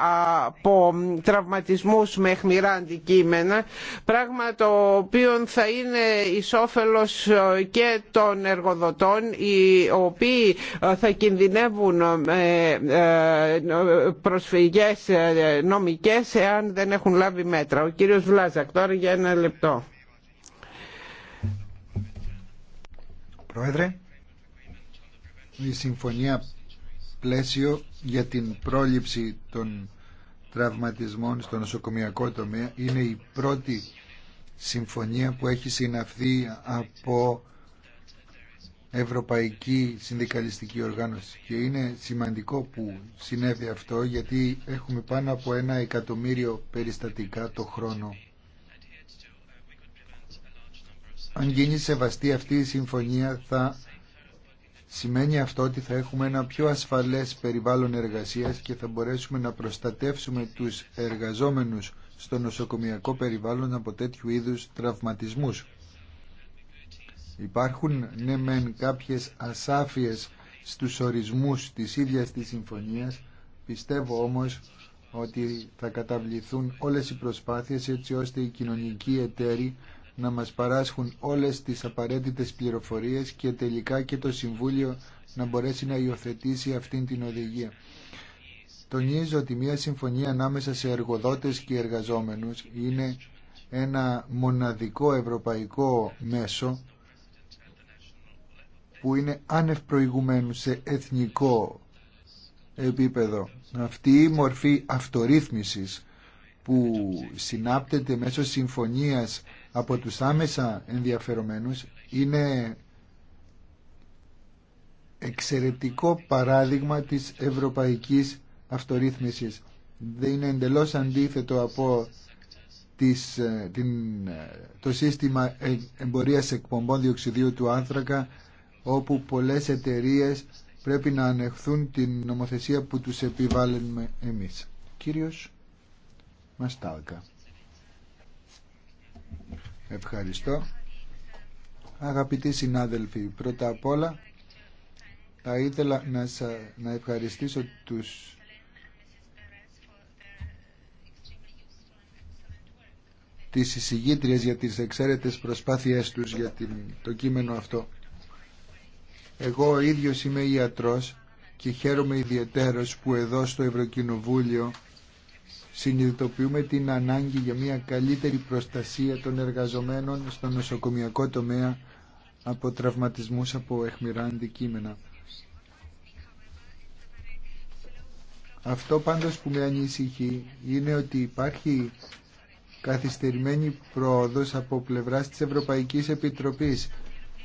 Speaker 1: από τραυματισμούς με αιχμηρά αντικείμενα πράγμα το οποίο θα είναι ισόφελος ε, και των εργοδοτών οι οποίοι ε, θα κινδυνεύουν με ε, προσφυγές νομικές εάν δεν έχουν λάβει μέτρα. Ο κύριος
Speaker 3: Βλάζακ τώρα για ένα λεπτό. Πρόεδρε, η συμφωνία πλαίσιο για την πρόληψη των τραυματισμών στο νοσοκομιακό τομέα. Είναι η πρώτη συμφωνία που έχει συναφθεί από Ευρωπαϊκή Συνδικαλιστική Οργάνωση και είναι σημαντικό που συνέβη αυτό γιατί έχουμε πάνω από ένα εκατομμύριο περιστατικά το χρόνο. Αν γίνει σεβαστή αυτή η συμφωνία θα Σημαίνει αυτό ότι θα έχουμε ένα πιο ασφαλές περιβάλλον εργασίας και θα μπορέσουμε να προστατεύσουμε τους εργαζόμενους στο νοσοκομιακό περιβάλλον από τέτοιου είδους τραυματισμούς. Υπάρχουν ναι μεν κάποιες ασάφειες στους ορισμούς της ίδιας της συμφωνίας, πιστεύω όμως ότι θα καταβληθούν όλες οι προσπάθειες έτσι ώστε οι κοινωνικοί εταίροι να μας παράσχουν όλες τις απαραίτητες πληροφορίες και τελικά και το Συμβούλιο να μπορέσει να υιοθετήσει αυτήν την οδηγία. Τονίζω ότι μια συμφωνία ανάμεσα σε εργοδότες και εργαζόμενους είναι ένα μοναδικό ευρωπαϊκό μέσο που είναι άνευ προηγουμένου σε εθνικό επίπεδο. Αυτή η μορφή αυτορύθμισης που συνάπτεται μέσω συμφωνίας από τους άμεσα ενδιαφερομένους είναι εξαιρετικό παράδειγμα της ευρωπαϊκής αυτορύθμισης. Δεν είναι εντελώς αντίθετο από ε, την, ε, το σύστημα ε, εμπορίας εκπομπών διοξιδίου του άνθρακα όπου πολλές εταιρείες πρέπει να ανεχθούν την νομοθεσία που τους επιβάλλουμε εμείς. Κύριος Μαστάλκα. Ευχαριστώ. Αγαπητοί συνάδελφοι, πρώτα απ' όλα θα ήθελα να, να ευχαριστήσω τους τις εισηγήτριες για τις εξαίρετες προσπάθειές τους για την, το κείμενο αυτό. Εγώ ο ίδιος είμαι ιατρός και χαίρομαι ιδιαίτερος που εδώ στο Ευρωκοινοβούλιο συνειδητοποιούμε την ανάγκη για μια καλύτερη προστασία των εργαζομένων στο νοσοκομιακό τομέα από τραυματισμούς από αιχμηρά αντικείμενα. Αυτό πάντως που με ανησυχεί είναι ότι υπάρχει καθυστερημένη πρόοδος από πλευράς της Ευρωπαϊκής Επιτροπής.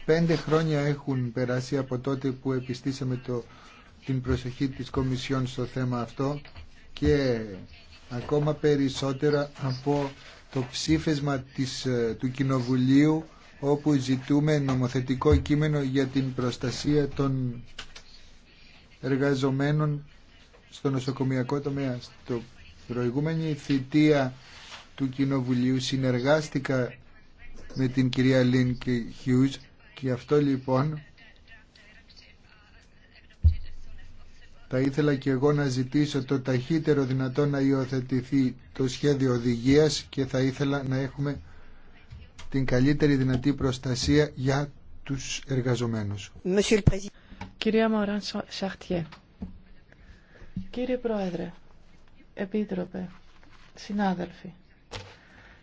Speaker 3: Πέντε χρόνια έχουν περάσει από τότε που επιστήσαμε το, την προσοχή της Κομισιόν στο θέμα αυτό και ακόμα περισσότερα από το ψήφισμα της, ε, του Κοινοβουλίου όπου ζητούμε νομοθετικό κείμενο για την προστασία των εργαζομένων στο νοσοκομιακό τομέα. Στο προηγούμενη θητεία του Κοινοβουλίου συνεργάστηκα με την κυρία Λίν και και αυτό λοιπόν Θα ήθελα και εγώ να ζητήσω το ταχύτερο δυνατό να υιοθετηθεί το σχέδιο οδηγίας και θα ήθελα να έχουμε την καλύτερη δυνατή προστασία για τους εργαζομένους.
Speaker 2: Κυρία Μωράν Σαχτιέ, κύριε Πρόεδρε, Επίτροπε, συνάδελφοι,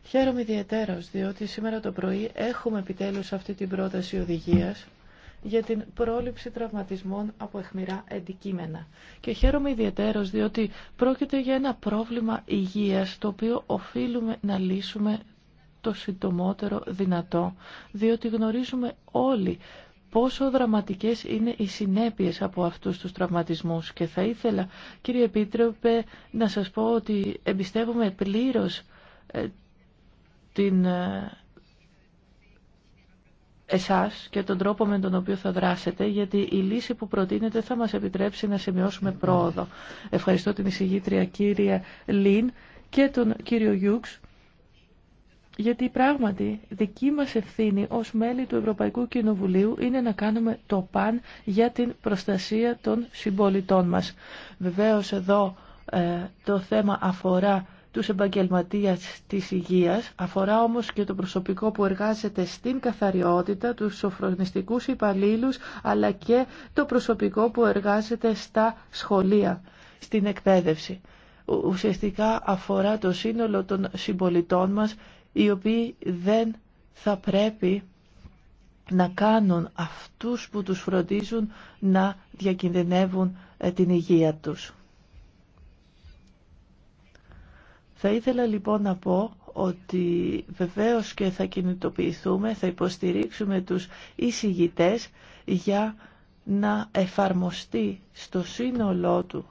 Speaker 2: χαίρομαι ιδιαίτερος διότι σήμερα το πρωί έχουμε επιτέλους αυτή την πρόταση οδηγίας για την πρόληψη τραυματισμών από αιχμηρά αντικείμενα. Και χαίρομαι ιδιαίτερο, διότι πρόκειται για ένα πρόβλημα υγείας το οποίο οφείλουμε να λύσουμε το συντομότερο δυνατό, διότι γνωρίζουμε όλοι πόσο δραματικές είναι οι συνέπειες από αυτούς τους τραυματισμούς. Και θα ήθελα, κύριε Επίτροπε, να σας πω ότι εμπιστεύομαι πλήρως ε, την ε, εσάς και τον τρόπο με τον οποίο θα δράσετε, γιατί η λύση που προτείνετε θα μας επιτρέψει να σημειώσουμε πρόοδο. Ευχαριστώ την εισηγήτρια κύρια Λίν και τον κύριο Γιούξ, γιατί πράγματι δική μας ευθύνη ως μέλη του Ευρωπαϊκού Κοινοβουλίου είναι να κάνουμε το παν για την προστασία των συμπολιτών μας. Βεβαίως εδώ ε, το θέμα αφορά τους επαγγελματίες της υγείας, αφορά όμως και το προσωπικό που εργάζεται στην καθαριότητα, τους σοφρονιστικούς υπαλλήλους, αλλά και το προσωπικό που εργάζεται στα σχολεία, στην εκπαίδευση. Ουσιαστικά αφορά το σύνολο των συμπολιτών μας, οι οποίοι δεν θα πρέπει να κάνουν αυτούς που τους φροντίζουν να διακινδυνεύουν ε, την υγεία τους. Θα ήθελα λοιπόν να πω ότι βεβαίως και θα κινητοποιηθούμε, θα υποστηρίξουμε τους εισηγητές για να εφαρμοστεί στο σύνολό του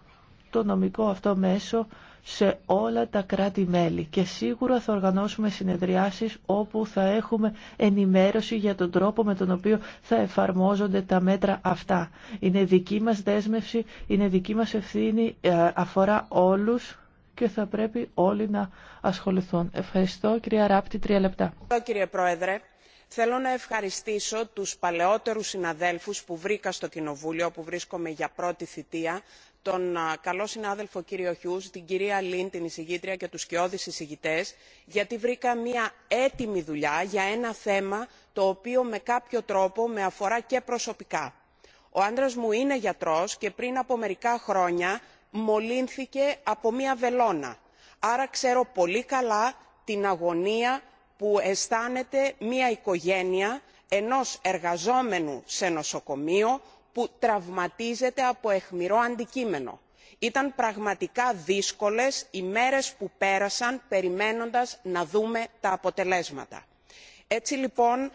Speaker 2: το νομικό αυτό μέσο σε όλα τα κράτη-μέλη και σίγουρα θα οργανώσουμε συνεδριάσεις όπου θα έχουμε ενημέρωση για τον τρόπο με τον οποίο θα εφαρμόζονται τα μέτρα αυτά. Είναι δική μας δέσμευση, είναι δική μας ευθύνη, ε, αφορά όλους και θα πρέπει όλοι να ασχοληθούν. Ευχαριστώ κυρία Ράπτη, τρία λεπτά.
Speaker 4: Ευχαριστώ κύριε Πρόεδρε. Θέλω να ευχαριστήσω τους παλαιότερους συναδέλφους που βρήκα στο Κοινοβούλιο, που βρίσκομαι για πρώτη θητεία, τον καλό συνάδελφο κύριο Χιούς, την κυρία Λίν, την εισηγήτρια και τους σκιώδεις εισηγητές, γιατί βρήκα μια έτοιμη δουλειά για ένα θέμα το οποίο με κάποιο τρόπο με αφορά και προσωπικά. Ο άντρας μου είναι γιατρός και πριν από μερικά χρόνια μολύνθηκε από μια βελόνα άρα ξέρω πολύ καλά την αγωνία που αισθάνεται μια οικογένεια ενός εργαζόμενου σε νοσοκομείο που τραυματίζεται από αιχμηρό αντικείμενο. ήταν πραγματικά δύσκολες οι μέρες που πέρασαν περιμένοντας να δούμε τα αποτελέσματα έτσι λοιπόν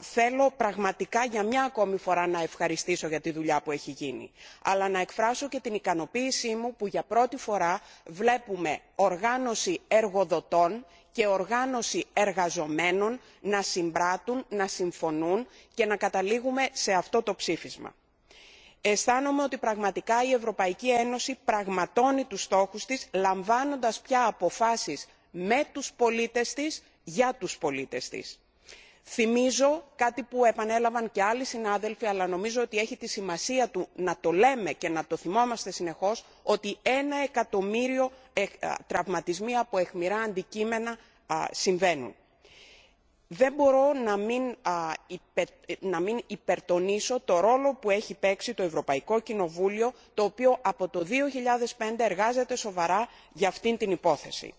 Speaker 4: θέλω πραγματικά για μια ακόμη φορά να ευχαριστήσω για τη δουλειά που έχει γίνει αλλά να εκφράσω και την ικανοποίησή μου που για πρώτη φορά βλέπουμε οργάνωση εργοδοτών και οργάνωση εργαζομένων να συμπράττουν να συμφωνούν και να καταλήγουμε σε αυτό το ψήφισμα. αισθάνομαι ότι πραγματικά η ευρωπαϊκή ένωση πραγματώνει τους στόχους της λαμβάνοντας πια αποφάσεις με τους πολίτες της για τους πολίτες της θυμίζω κάτι που επανέλαβαν και άλλοι συνάδελφοι αλλά νομίζω ότι έχει τη σημασία του να το λέμε και να το θυμόμαστε συνεχώς ότι ένα εκατομμύριο ε, τραυματισμοί από αιχμηρά αντικείμενα συμβαίνουν. δεν μπορώ να μην, υπερτονίσω το ρόλο που έχει παίξει το ευρωπαϊκό κοινοβούλιο το οποίο από το 2005 εργάζεται σοβαρά για αυτήν την υπόθεση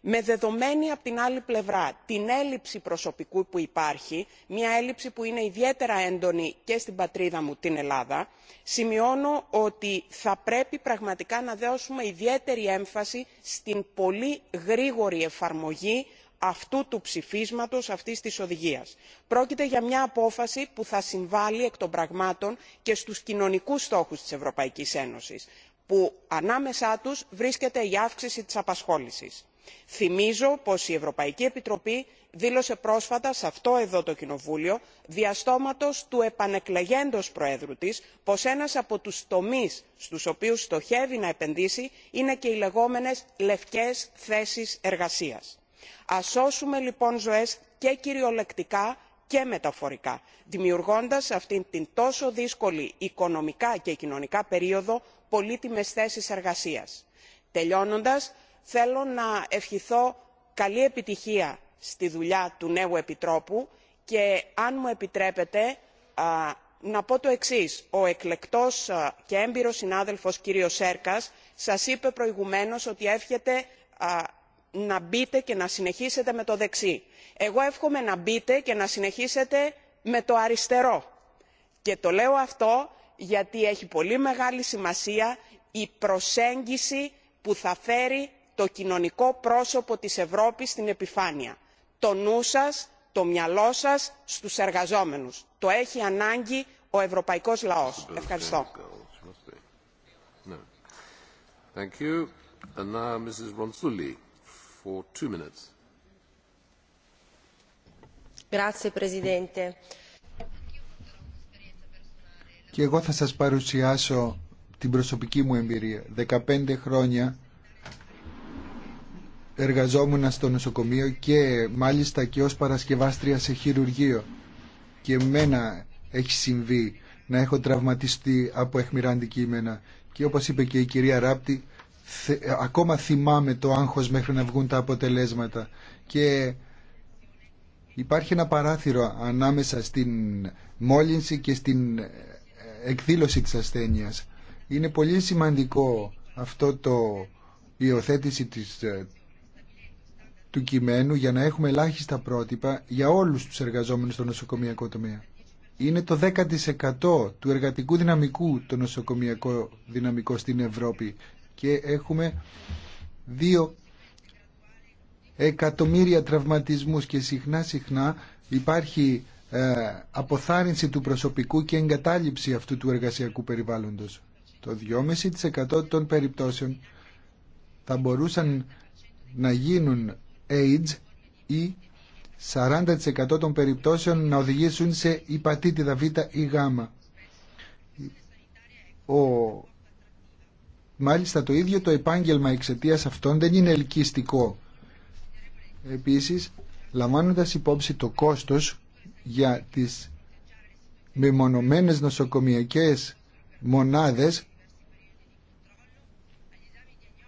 Speaker 4: με δεδομένη από την άλλη πλευρά την έλλειψη προσωπικού που υπάρχει μια έλλειψη που είναι ιδιαίτερα έντονη και στην πατρίδα μου την ελλάδα σημειώνω ότι θα πρέπει πραγματικά να δώσουμε ιδιαίτερη έμφαση στην πολύ γρήγορη εφαρμογή αυτού του ψηφίσματος αυτής της οδηγίας. πρόκειται για μια απόφαση που θα συμβάλλει εκ των πραγμάτων και στους κοινωνικούς στόχους της ευρωπαϊκής ένωσης που ανάμεσά τους βρίσκεται η αύξηση της απασχόλησης θυμίζω πως η ευρωπαϊκή επιτροπή δήλωσε πρόσφατα σε αυτό εδώ το κοινοβούλιο διαστόματος του επανεκλεγέντος προέδρου της πως ένας από τους τομείς στους οποίους στοχεύει να επενδύσει είναι και οι λεγόμενες λευκές θέσεις εργασίας. ας σώσουμε λοιπόν ζωές και κυριολεκτικά και μεταφορικά δημιουργώντας σε αυτήν την τόσο δύσκολη οικονομικά και κοινωνικά περίοδο πολύτιμες θέσεις εργασίας. τελειώνοντας θέλω να ευχηθώ καλή επιτυχία στη δουλειά του νέου επιτρόπου και αν μου επιτρέπετε να πω το εξής ο εκλεκτός και έμπειρος συνάδελφος κύριος Σέρκας σας είπε προηγουμένως ότι εύχεται να μπείτε και να συνεχίσετε με το δεξί. εγώ εύχομαι να μπείτε και να συνεχίσετε με το αριστερό και το λέω αυτό γιατί έχει πολύ μεγάλη σημασία η προσέγγιση που θα φέρει το κοινωνικό πρόσωπο της ευρώπης στην επιφάνεια. το νου σας το μυαλό σας στους εργαζόμενους. το έχει ανάγκη ο ευρωπαϊκός λαός. ευχαριστώ.
Speaker 3: Και εγώ θα σας παρουσιάσω την προσωπική μου εμπειρία. Δεκαπέντε χρόνια εργαζόμουν στο νοσοκομείο και μάλιστα και ως παρασκευάστρια σε χειρουργείο. Και μένα έχει συμβεί να έχω τραυματιστεί από αιχμηρά αντικείμενα. Και όπως είπε και η κυρία Ράπτη, ε, ακόμα θυμάμαι το άγχος μέχρι να βγουν τα αποτελέσματα. Και υπάρχει ένα παράθυρο ανάμεσα στην μόλυνση και στην ε, εκδήλωση της ασθένειας. Είναι πολύ σημαντικό αυτό το υιοθέτηση της ε, του κειμένου για να έχουμε ελάχιστα πρότυπα για όλους τους εργαζόμενους στο νοσοκομιακό τομέα. Είναι το 10% του εργατικού δυναμικού το νοσοκομιακό δυναμικό στην Ευρώπη και έχουμε δύο εκατομμύρια τραυματισμούς και συχνά συχνά υπάρχει ε, αποθάρρυνση του προσωπικού και εγκατάλειψη αυτού του εργασιακού περιβάλλοντος. Το 2,5% των περιπτώσεων θα μπορούσαν να γίνουν AIDS ή 40% των περιπτώσεων να οδηγήσουν σε υπατήτηδα Β ή Γ. Ο... Μάλιστα το ίδιο το επάγγελμα εξαιτία αυτών δεν είναι ελκυστικό. Επίσης, λαμβάνοντας υπόψη το κόστος για τις μεμονωμένες νοσοκομιακές μονάδες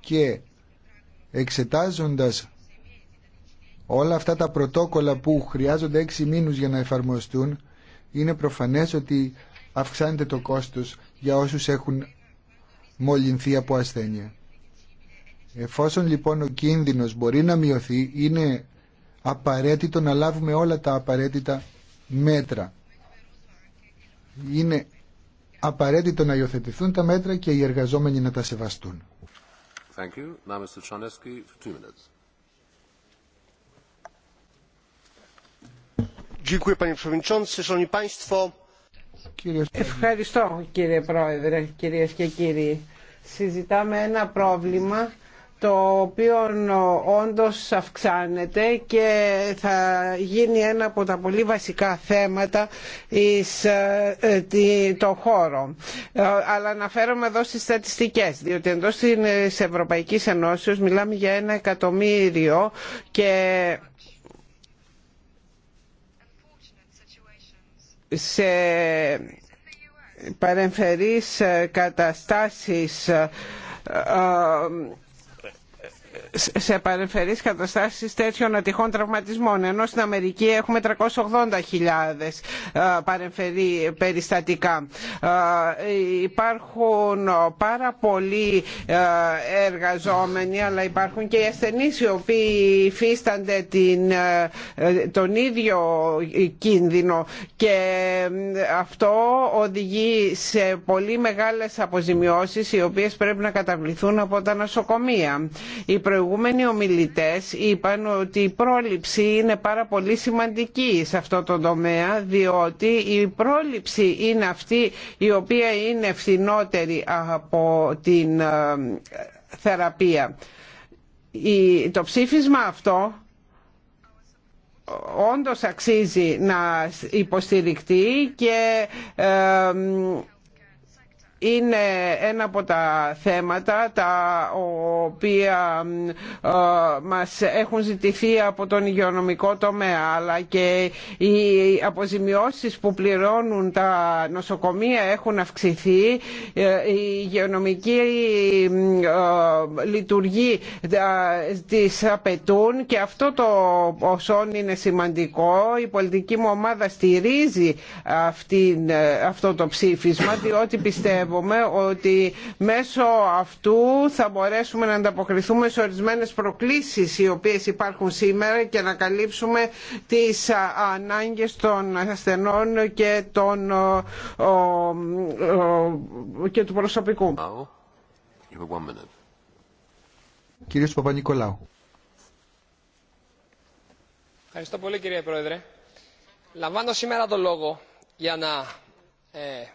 Speaker 3: και εξετάζοντας Όλα αυτά τα πρωτόκολλα που χρειάζονται έξι μήνους για να εφαρμοστούν είναι προφανές ότι αυξάνεται το κόστος για όσους έχουν μολυνθεί από ασθένεια. Εφόσον λοιπόν ο κίνδυνος μπορεί να μειωθεί, είναι απαραίτητο να λάβουμε όλα τα απαραίτητα μέτρα. Είναι απαραίτητο να υιοθετηθούν τα μέτρα και οι εργαζόμενοι να τα σεβαστούν.
Speaker 1: Thank you. Mr. Ευχαριστώ κύριε Πρόεδρε, κυρίες και κύριοι. Συζητάμε ένα πρόβλημα το οποίο όντως αυξάνεται και θα γίνει ένα από τα πολύ βασικά θέματα εις ε, το χώρο. Ε, αλλά αναφέρομαι εδώ στις στατιστικές, διότι εντός της Ευρωπαϊκής Ενώσεως μιλάμε για ένα εκατομμύριο και σε παρεμφερείς καταστάσεις ε, ε, σε παρεμφερείς καταστάσεις τέτοιων ατυχών τραυματισμών ενώ στην Αμερική έχουμε 380.000 ε, παρεμφερεί περιστατικά. Ε, υπάρχουν πάρα πολλοί ε, εργαζόμενοι αλλά υπάρχουν και οι ασθενείς οι οποίοι υφίστανται την, τον ίδιο κίνδυνο και αυτό οδηγεί σε πολύ μεγάλες αποζημιώσεις οι οποίες πρέπει να καταβληθούν από τα νοσοκομεία προηγούμενοι ομιλητές είπαν ότι η πρόληψη είναι πάρα πολύ σημαντική σε αυτό το τομέα διότι η πρόληψη είναι αυτή η οποία είναι φθηνότερη από την ε, θεραπεία. Το ψήφισμα αυτό όντως αξίζει να υποστηριχτεί και ε, είναι ένα από τα θέματα τα οποία ε, μας έχουν ζητηθεί από τον υγειονομικό τομέα αλλά και οι αποζημιώσεις που πληρώνουν τα νοσοκομεία έχουν αυξηθεί ε, η υγειονομική ε, λειτουργή τις απαιτούν και αυτό το ποσό είναι σημαντικό η πολιτική μου ομάδα στηρίζει αυτή, αυτό το ψήφισμα διότι πιστεύω ότι μέσω αυτού θα μπορέσουμε να ανταποκριθούμε σε ορισμένες προκλήσεις οι οποίες υπάρχουν σήμερα και να καλύψουμε τις ανάγκες των ασθενών και, των, και του προσωπικού.
Speaker 3: Κύριος Παπα-Νικολάου.
Speaker 5: Ευχαριστώ πολύ κύριε Πρόεδρε. Λαμβάνω σήμερα το λόγο για να ε,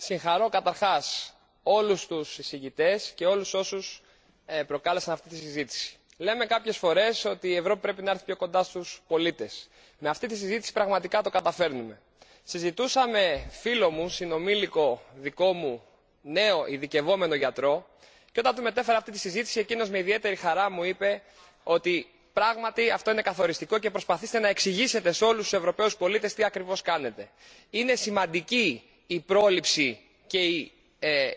Speaker 5: συγχαρώ καταρχάς όλους τους εισηγητές και όλους όσους ε, προκάλεσαν αυτή τη συζήτηση. λέμε κάποιες φορές ότι η ευρώπη πρέπει να έρθει πιο κοντά στους πολίτες. με αυτή τη συζήτηση πραγματικά το καταφέρνουμε. συζητούσα με φίλο μου συνομήλικο δικό μου νέο ειδικευόμενο γιατρό και όταν του μετέφερα αυτή τη συζήτηση εκείνος με ιδιαίτερη χαρά μου είπε ότι πράγματι αυτό είναι καθοριστικό και προσπαθήστε να εξηγήσετε σε όλους τους ευρωπαίους πολίτες τι ακριβώς κάνετε. είναι σημαντική η πρόληψη ε,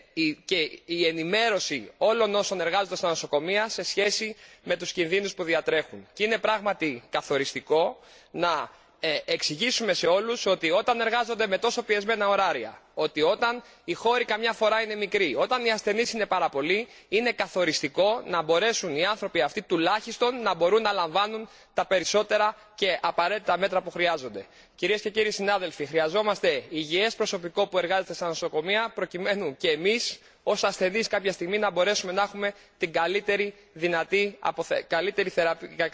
Speaker 5: και η ενημέρωση όλων όσων εργάζονται στα νοσοκομεία σε σχέση με τους κινδύνους που διατρέχουν και είναι πράγματι καθοριστικό να ε, εξηγήσουμε σε όλους ότι όταν εργάζονται με τόσο πιεσμένα ωράρια ότι όταν οι χώροι καμιά φορά είναι μικροί όταν οι ασθενείς είναι πάρα πολλοί είναι καθοριστικό να μπορέσουν οι άνθρωποι αυτοί τουλάχιστον να μπορούν να λαμβάνουν τα περισσότερα και απαραίτητα μέτρα που χρειάζονται. κυρίες και κύριοι συνάδελφοι χρειαζόμαστε υγιές προσωπικό που εργάζεται στα νοσοκομεία προκειμένου και εμείς ως ασθενείς κάποια στιγμή να μπορέσουμε να έχουμε την καλύτερη δυνατή,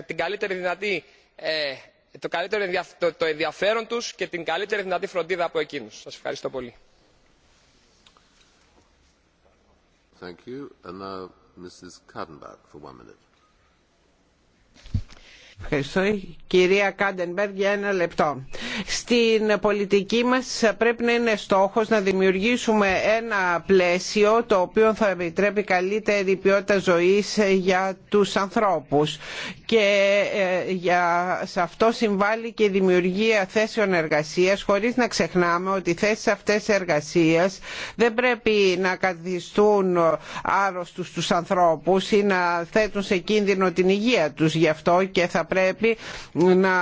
Speaker 5: την καλύτερη δυνατή ε, το, καλύτερο, το, ενδιαφέρον τους και την καλύτερη δυνατή φροντίδα από εκείνους. Σας ευχαριστώ πολύ.
Speaker 1: Thank you. And now, Mrs. Kadenbach for one minute. Ευχαριστώ. Κυρία Κάντενμπεργκ για ένα λεπτό. Στην πολιτική μας πρέπει να είναι στόχος να δημιουργήσουμε ένα πλαίσιο το οποίο θα επιτρέπει καλύτερη ποιότητα ζωής για τους ανθρώπους και ε, για, σε αυτό συμβάλλει και η δημιουργία θέσεων εργασίας χωρίς να ξεχνάμε ότι οι θέσεις αυτές εργασίας δεν πρέπει να καθιστούν άρρωστους τους ανθρώπους ή να θέτουν σε κίνδυνο την υγεία τους γι' αυτό και θα πρέπει να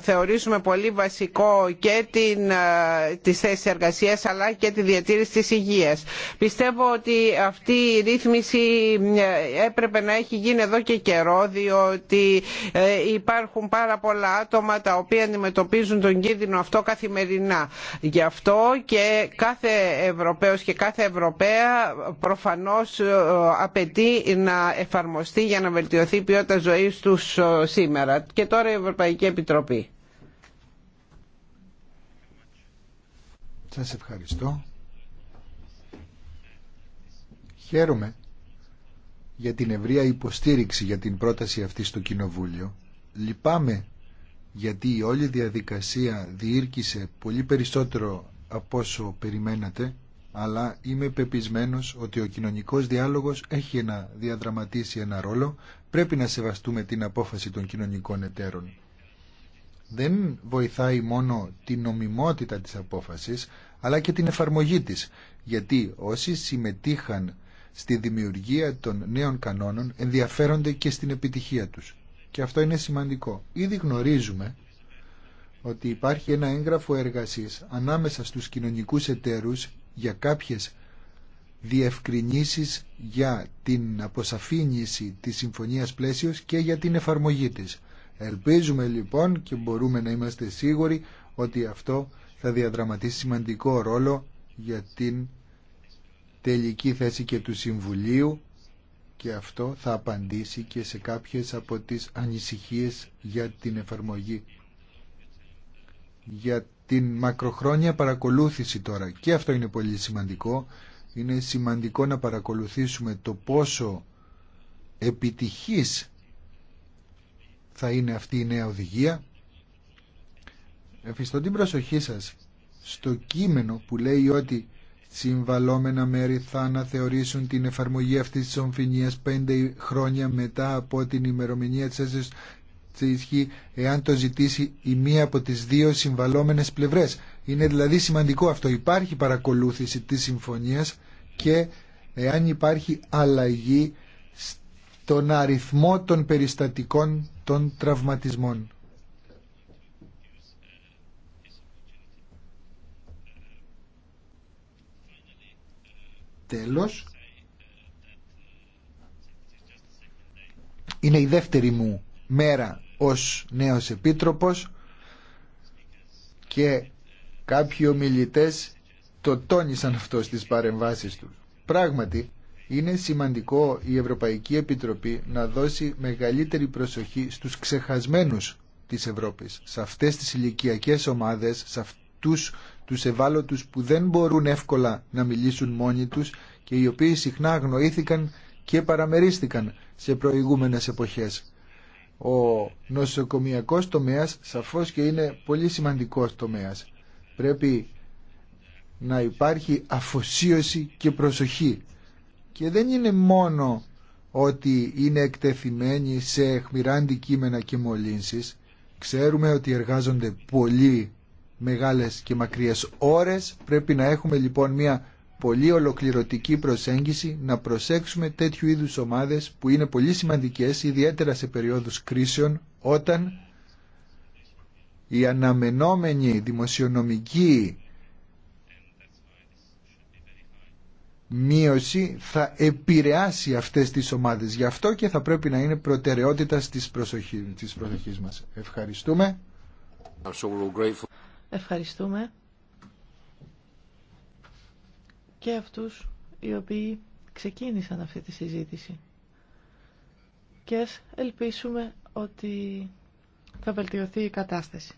Speaker 1: θεωρήσουμε πολύ βασικό και την, ε, τις θέσεις εργασίας αλλά και τη διατήρηση της υγείας. Πιστεύω ότι αυτή η ρύθμιση ε, έπρεπε να έχει γίνει εδώ και καιρό διότι ε, υπάρχουν πάρα πολλά άτομα τα οποία αντιμετωπίζουν τον κίνδυνο αυτό καθημερινά. Γι' αυτό και κάθε Ευρωπαίος και κάθε Ευρωπαία προφανώς απαιτεί να εφαρμοστεί για να βελτιωθεί η ποιότητα ζωής τους σήμερα και τώρα η Ευρωπαϊκή Επιτροπή.
Speaker 3: Σας ευχαριστώ. Χαίρομαι για την ευρεία υποστήριξη για την πρόταση αυτή στο Κοινοβούλιο. Λυπάμαι γιατί η όλη διαδικασία διήρκησε πολύ περισσότερο από όσο περιμένατε, αλλά είμαι πεπισμένος ότι ο κοινωνικός διάλογος έχει να διαδραματίσει ένα ρόλο πρέπει να σεβαστούμε την απόφαση των κοινωνικών εταίρων. Δεν βοηθάει μόνο την νομιμότητα της απόφασης, αλλά και την εφαρμογή της, γιατί όσοι συμμετείχαν στη δημιουργία των νέων κανόνων ενδιαφέρονται και στην επιτυχία τους. Και αυτό είναι σημαντικό. Ήδη γνωρίζουμε ότι υπάρχει ένα έγγραφο εργασίας ανάμεσα στους κοινωνικούς εταίρους για κάποιες διευκρινήσεις για την αποσαφήνιση της συμφωνίας πλαίσιος και για την εφαρμογή της. Ελπίζουμε λοιπόν και μπορούμε να είμαστε σίγουροι ότι αυτό θα διαδραματίσει σημαντικό ρόλο για την τελική θέση και του Συμβουλίου και αυτό θα απαντήσει και σε κάποιες από τις ανησυχίες για την εφαρμογή για την μακροχρόνια παρακολούθηση τώρα και αυτό είναι πολύ σημαντικό είναι σημαντικό να παρακολουθήσουμε το πόσο επιτυχής θα είναι αυτή η νέα οδηγία. Εφιστώ την προσοχή σας στο κείμενο που λέει ότι συμβαλόμενα μέρη θα αναθεωρήσουν την εφαρμογή αυτής της ομφυνίας πέντε χρόνια μετά από την ημερομηνία της έσωσης εάν το ζητήσει η μία από τις δύο συμβαλόμενες πλευρές. Είναι δηλαδή σημαντικό αυτό. Υπάρχει παρακολούθηση της συμφωνίας και εάν υπάρχει αλλαγή στον αριθμό των περιστατικών των τραυματισμών. Τέλος, είναι η δεύτερη μου μέρα ως νέος επίτροπος και Κάποιοι ομιλητές το τόνισαν αυτό στις παρεμβάσεις τους. Πράγματι, είναι σημαντικό η Ευρωπαϊκή Επιτροπή να δώσει μεγαλύτερη προσοχή στους ξεχασμένους της Ευρώπης, σε αυτές τις ηλικιακέ ομάδες, σε αυτούς τους ευάλωτους που δεν μπορούν εύκολα να μιλήσουν μόνοι τους και οι οποίοι συχνά αγνοήθηκαν και παραμερίστηκαν σε προηγούμενες εποχές. Ο νοσοκομιακός τομέας σαφώς και είναι πολύ σημαντικός τομέας. Πρέπει να υπάρχει αφοσίωση και προσοχή. Και δεν είναι μόνο ότι είναι εκτεθειμένοι σε αιχμηρά αντικείμενα και μολύνσεις. Ξέρουμε ότι εργάζονται πολύ μεγάλες και μακριές ώρες. Πρέπει να έχουμε λοιπόν μια πολύ ολοκληρωτική προσέγγιση να προσέξουμε τέτοιου είδους ομάδες που είναι πολύ σημαντικές ιδιαίτερα σε περίοδους κρίσεων όταν η αναμενόμενη δημοσιονομική μείωση θα επηρεάσει αυτές τις ομάδες. Γι' αυτό και θα πρέπει να είναι προτεραιότητα της προσοχής, της μας. Ευχαριστούμε.
Speaker 2: Ευχαριστούμε και αυτούς οι οποίοι ξεκίνησαν αυτή τη συζήτηση. Και ελπίσουμε ότι θα βελτιωθεί η κατάσταση.